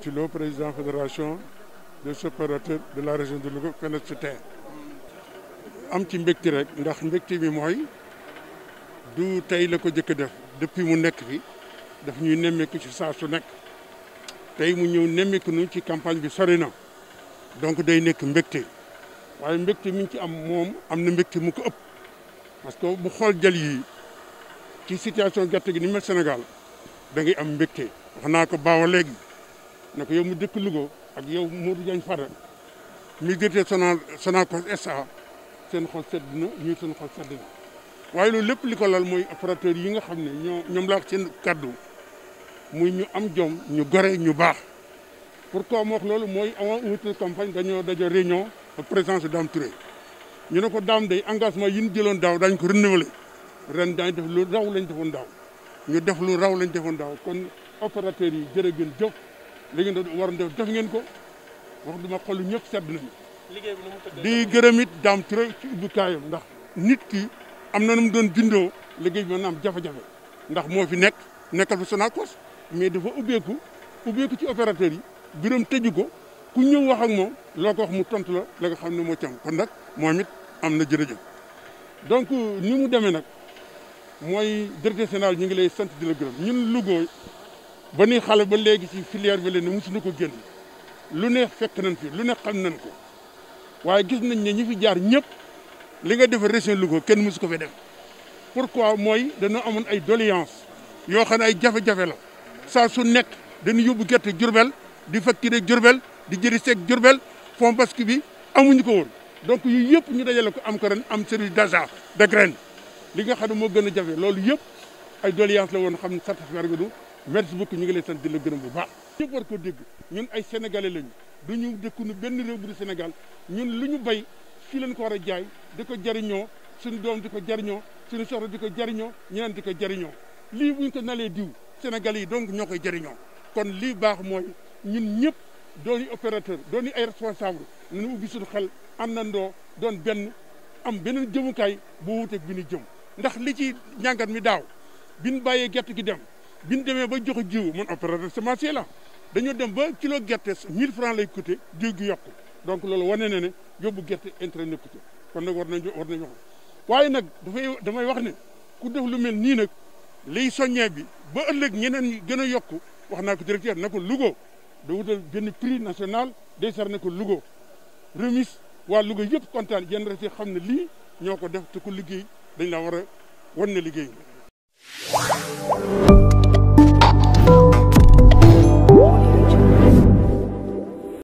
Mati Lo président fédération des opérateurs de la région de Louga Fenech si tey am ci mbégte rek ndax mbégte mi mooy du tey la ko jëkk def depuis mu nekk fi daf ñuy nemmeeku ci saa su nekk tey mu ñëw nemmeeku nu ci campagne bi sori na donc day nekk mbégte waaye mbégte mi ci am moom am na mbégte mu ko ëpp parce que mu xool jal yi ci situation gerte gi ni ma Sénégal da am mbégte wax naa ko baaw léegi. ne yow mu dëkk Louga ak yow Modou Diagne Fada mi gëtee Sonal Sonacos SA seen xol sedd na ñuy seen xol sedd na waaye loolu lépp li ko lal mooy opérateur yi nga xam ne ñoo ñoom laa wax seen kàddu muy ñu am jom ñu gore ñu baax pourquoi moo wax loolu mooy am ouverture campagne dañoo dajo réunion ak présence Dame Touré ñu ne ko Dame day engagement yi ñu jëloon daaw dañ ko renouveler ren dañ def lu raw lañ defoon daaw ñu def lu raw lañ defoon daaw kon opérateur yi jërë ngeen jëf li ngeen doon waroon def def ngeen ko wax ma xol ñëpp sedd nañu. di gërëmit it daam ture ci ubbi kaayam ndax nit ki am na nu mu doon bindoo liggéey bi mën na am jafe-jafe ndax moo fi nekk nekkal fi Sonacos mais dafa ubbeeku ubbeeku ci opérateur yi biram tëju ko ku ñëw wax ak moom loo mu tontu la la xam ne moo ci am kon nag moom it am na jërëjëf donc ni mu demee nag mooy directeur général ñu ngi lay sant di la gërëm ñun Louga ba ni xale ba léegi ci filière bi leen ne mosuñu ko génn lu ne fekk nañ fi lu nekk xam nañ ko waaye gis nañ ne ñi fi jaar ñëpp li nga def région ko kenn mosu ko fi def pourquoi mooy dañoo amoon ay doléance yoo xam ne ay jafe la saa su nekk dañu yóbbu gerte Jurbel di facturé Jurbel di jëri seeg Jurbel fond bascule bi amuñu ko woon donc yu yëpp ñu dajale ko am ko ren am service d'achat de graine li nga xam ne moo gën a jafe loolu yëpp ay doléance la woon xam ne satisfaire nga du merci beaucoup ñu ngi lay sant di la gërëm bu baax. ñëpp war ko dégg ñun ay sénégalais lañu du ñu dëkkunu benn réew bu du senegal ñun lu ñu bay fii lañ ko war a jaay di ko jariñoo suñu doom di ko jariñoo suñu soxla di ko jariñoo ñeneen di ko jariñoo lii bu ñu ko nalee diw sénégalais yi donc ñoo koy jariñoo kon lii baax mooy ñun ñëpp dooni opérateur dooni ay responsable nañu ubbi suñu xel àndandoo doon benn am beneen jëmukaay bu wuuteeg bi ni jëm ndax li ci njàngat mi daaw bi ñu bàyyee gerte gi dem. bi demee ba jox jiw mun opérateur semencier la dañoo dem ba kilo gerte mill francs lay coûter jiw gi yokku donc loolu wane na ne yóbbu gerte intérêt nekkute kon nag war na war nañu wax waaye nag dafay damay wax ne ku def lu mel nii nag liy soññee bi ba ëllëg ñeneen ñi gën a yokku wax naa ko directeur na ko Louga da wutal benn prix national décerné ko Louga remise waa Louga yëpp kontaan yenn rek xam ne lii ñoo ko def te ku liggéey dañ laa war a wan ne liggéey